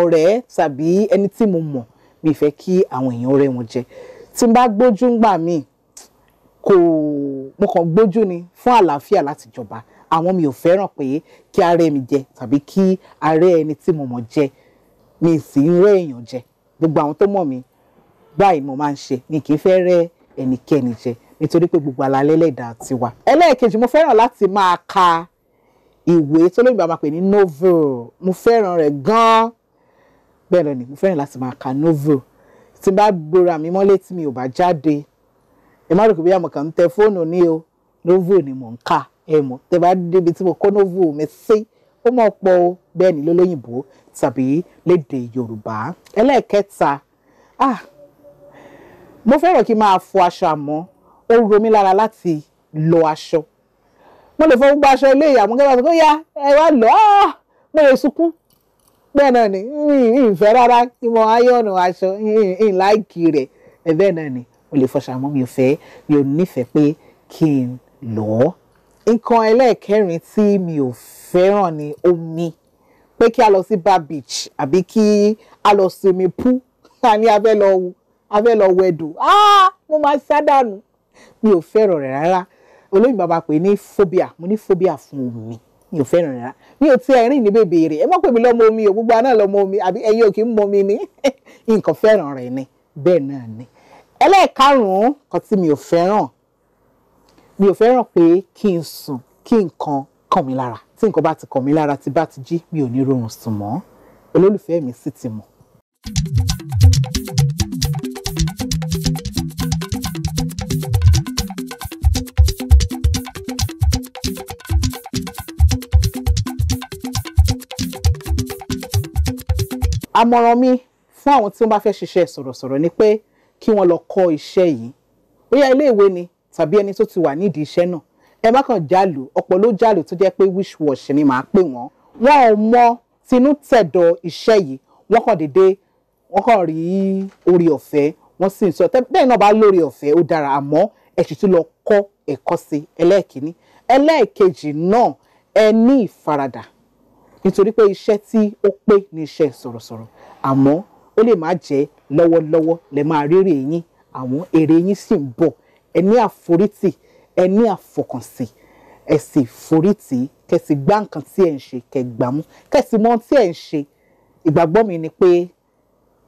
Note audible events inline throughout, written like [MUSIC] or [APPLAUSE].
ọ̀rẹ́ tàbí ẹni tí mo mọ̀ mi fẹ́ kí àwọn èèyàn rẹ́ wọn jẹ tí n bá gbójú ńgbà míì kò mo kàn gbójú ni fún àlàáfíà láti jọba àwọn mi ò fẹ́ràn pé kí arẹ́ mi jẹ tàbí kí arẹ́ ẹni tí mo mọ̀ jẹ mi sì ń rẹ́ èèyàn jẹ gbogbo àwọn tó mọ̀ mi báyìí mo máa ń ṣe mi kì í fẹ́ rẹ́ ẹnikẹ́ni jẹ nítorí pé gbogbo alalẹ́ lẹ́dàá ti wà. ẹlẹ́ẹ̀kejì mo fẹ́ràn láti máa ka ìwé tó lóyìnbó a pè ní novel mo fẹ́ràn rẹ̀ gan-an bẹ́ẹ̀ lọ́ni mo fẹ́ràn láti máa ka novel tí bá gbóra mi mọ́lé tí mi ò bá jáde ẹ má rò pé bóyá mo kàn ń tẹ fóònù ní o novel ni mò ń kà ẹ mọ̀ tẹ bá débi tí mo kó novel mi sí ó mọ̀ pọ̀ o bẹ́ẹ̀ ni lólóyìnbó tàbí lédè Yorùbá ẹlẹ́ẹ̀kẹta ah mo fẹ́ràn kí n máa fọ aṣọ àmọ́ ó ro mí lára láti lọ aṣọ mo lè fọ gbogbo aṣọ ilé ìyàmú gẹ́gẹ́ bá mi kó yá ẹ wá lọ ah, mo lè sunkún bẹ́ẹ̀ náà ni ìfẹ́ rárá ìmọ̀ ayọ̀nù aṣọ ìláìkì rẹ̀ bẹ́ẹ̀ náà ni mo lè fọṣọ àmọ́ mi ò fẹ́ mi ò nífẹ̀ẹ́ pé kí n lọ. nǹkan ẹlẹ́ẹ̀kẹrin tí mi ò fẹ́ràn ni omi pé kí a lọ sí bar beach àbí kí a lọ sinmi pú ká ní abẹ́ lọ abẹ́ lọ wẹ̀dù ah! mo máa sádànù mi ò fẹ́ràn rẹ̀ rárá olóyìnbó bá pè ní phobia mo ní phobia fún omi mi ò fẹ́ràn rárá mi ò ti ẹ̀rín ní bèbèrè ẹ má pè mí lọ́mọ omi ò gbogbo aná lọ́mọ omi àbí ẹ̀yin ò kì í mọ mi ni [LAUGHS] nǹkan fẹ́ràn rẹ̀ ni bẹ́ẹ̀ náà ni ẹlẹ́ẹ̀karùn-ún kan tí mi ò fẹ́ràn mi ò fẹ́ràn pé kí n sùn kí nǹkan kàn mí lára tí nǹkan bá ti kàn mí lára tí bá ti jí mi ò ní rọrùn sùn mọ́ olólùfẹ́ mi sì ti mọ̀ àmọ̀ràn mi fún àwọn tí wọ́n bá fẹ́ ṣiṣẹ́ sọ̀rọ̀sọ̀rọ̀ ni pé kí wọ́n lọ kọ́ iṣẹ́ yìí bóyá ilé ìwé ni tàbí ẹni tó ti wà nídìí iṣẹ́ náà ẹ má kàn jálù ọ̀pọ̀ ló jálù tó jẹ́ pé wish wash ni màá pè wọ́n wọn ò mọ tinú tẹ̀dọ̀ iṣẹ́ yìí wọ́n kàn déédéé wọ́n kàn rí orí ọ̀fẹ́ wọ́n sì ń sọ bẹ́ẹ̀ náà bá lórí ọ̀fẹ́ ó dára àmọ́ ẹ sì tún lọ kọ́ ẹ̀kọ́ sí ẹlẹ́ẹ̀kínní ẹlẹ́ẹ̀kejì náà ẹ ní ìfaradà nítorí pé iṣẹ́ tí ó pé ní iṣẹ́ sọ̀rọ̀sọ̀rọ̀ àmọ́ ó lè má jẹ́ lọ́wọ́lọ́wọ́ lẹ máa rírì yín àwọn èrè yín sì ń bọ̀ ẹ ní àforítì ẹ ní àfọkànsìn ẹ sì forítì kẹsì gbá nǹkan tí ẹ ń ṣe kẹgbàmú kẹsì mọ ohun tí ẹ ń ṣe ìgbàgbọ́ mi ni pé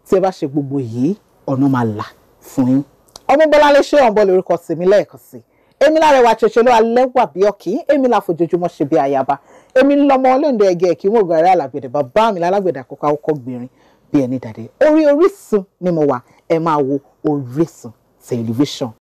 tí ẹ bá ṣe gbogbo yìí ọ̀nà máa là fún yín ọmọ bọ́lá lè ṣe ọ̀nbọ lórúkọ tèmi lẹ́ẹ̀kan sí i èmi lára ẹwà ṣẹṣẹ ló alẹ́wà bí ọ̀kì èmi là fojoojúmọ́ ṣe bí ayaba èmi lọmọ olóńdó ẹgẹ kí mo gbàrẹ́ àlàgbẹ̀dẹ̀ bàbá mi lálágbẹ̀dẹ̀ àkọ́kọ́ àwòkọ́ gbìnrin bí ẹni dàdé orí Orísun ni mo wà ẹ máa wo Orísun tẹlifíṣàn.